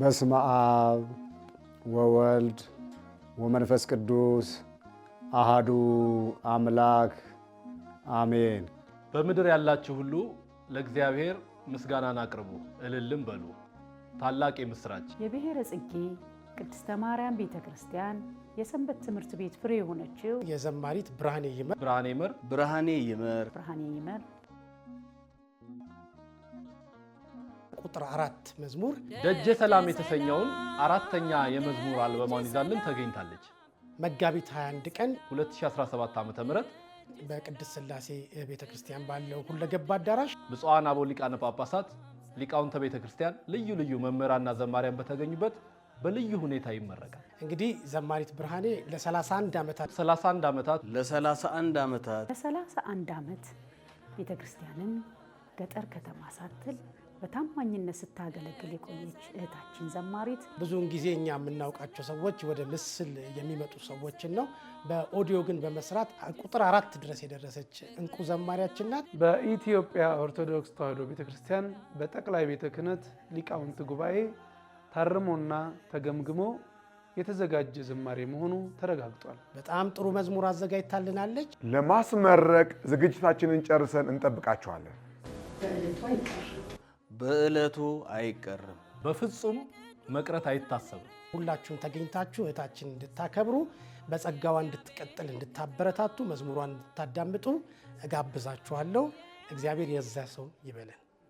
በስመ አብ ወወልድ ወመንፈስ ቅዱስ አሃዱ አምላክ አሜን። በምድር ያላችሁ ሁሉ ለእግዚአብሔር ምስጋናን አቅርቡ፣ እልልም በሉ። ታላቅ የምሥራች የብሔረ ጽጌ ቅድስተ ማርያም ቤተ ክርስቲያን የሰንበት ትምህርት ቤት ፍሬ የሆነችው የዘማሪት ብርሃኔ ይመር ብርሃኔ ይመር ብርሃኔ ይመር ብርሃኔ ይመር ቁጥር አራት መዝሙር ደጀ ሰላም የተሰኘውን አራተኛ የመዝሙር አልበሟን ይዛልን ተገኝታለች። መጋቢት 21 ቀን 2017 ዓ ም በቅድስት ስላሴ ቤተ ክርስቲያን ባለው ሁለገብ አዳራሽ ብፁዓን አበው ሊቃነ ጳጳሳት፣ ሊቃውንተ ቤተ ክርስቲያን፣ ልዩ ልዩ መምህራንና ዘማሪያን በተገኙበት በልዩ ሁኔታ ይመረቃል። እንግዲህ ዘማሪት ብርሃኔ ለ31 ዓመታት 31 ዓመታት ለ31 ዓመታት ለ31 ዓመት ቤተ ክርስቲያንን ገጠር ከተማ ሳትል በታማኝነት ስታገለግል የቆየች እህታችን ዘማሪት። ብዙውን ጊዜ እኛ የምናውቃቸው ሰዎች ወደ ምስል የሚመጡ ሰዎችን ነው። በኦዲዮ ግን በመስራት ቁጥር አራት ድረስ የደረሰች እንቁ ዘማሪያችን ናት። በኢትዮጵያ ኦርቶዶክስ ተዋሕዶ ቤተክርስቲያን በጠቅላይ ቤተ ክህነት ሊቃውንት ጉባኤ ታርሞና ተገምግሞ የተዘጋጀ ዝማሬ መሆኑ ተረጋግጧል። በጣም ጥሩ መዝሙር አዘጋጅታልናለች። ለማስመረቅ ዝግጅታችንን ጨርሰን እንጠብቃችኋለን። በዕለቱ አይቀርም፣ በፍጹም መቅረት አይታሰብም። ሁላችሁም ተገኝታችሁ እህታችን እንድታከብሩ በጸጋዋ እንድትቀጥል እንድታበረታቱ መዝሙሯን እንድታዳምጡ እጋብዛችኋለሁ። እግዚአብሔር የዛ ሰው ይበለን።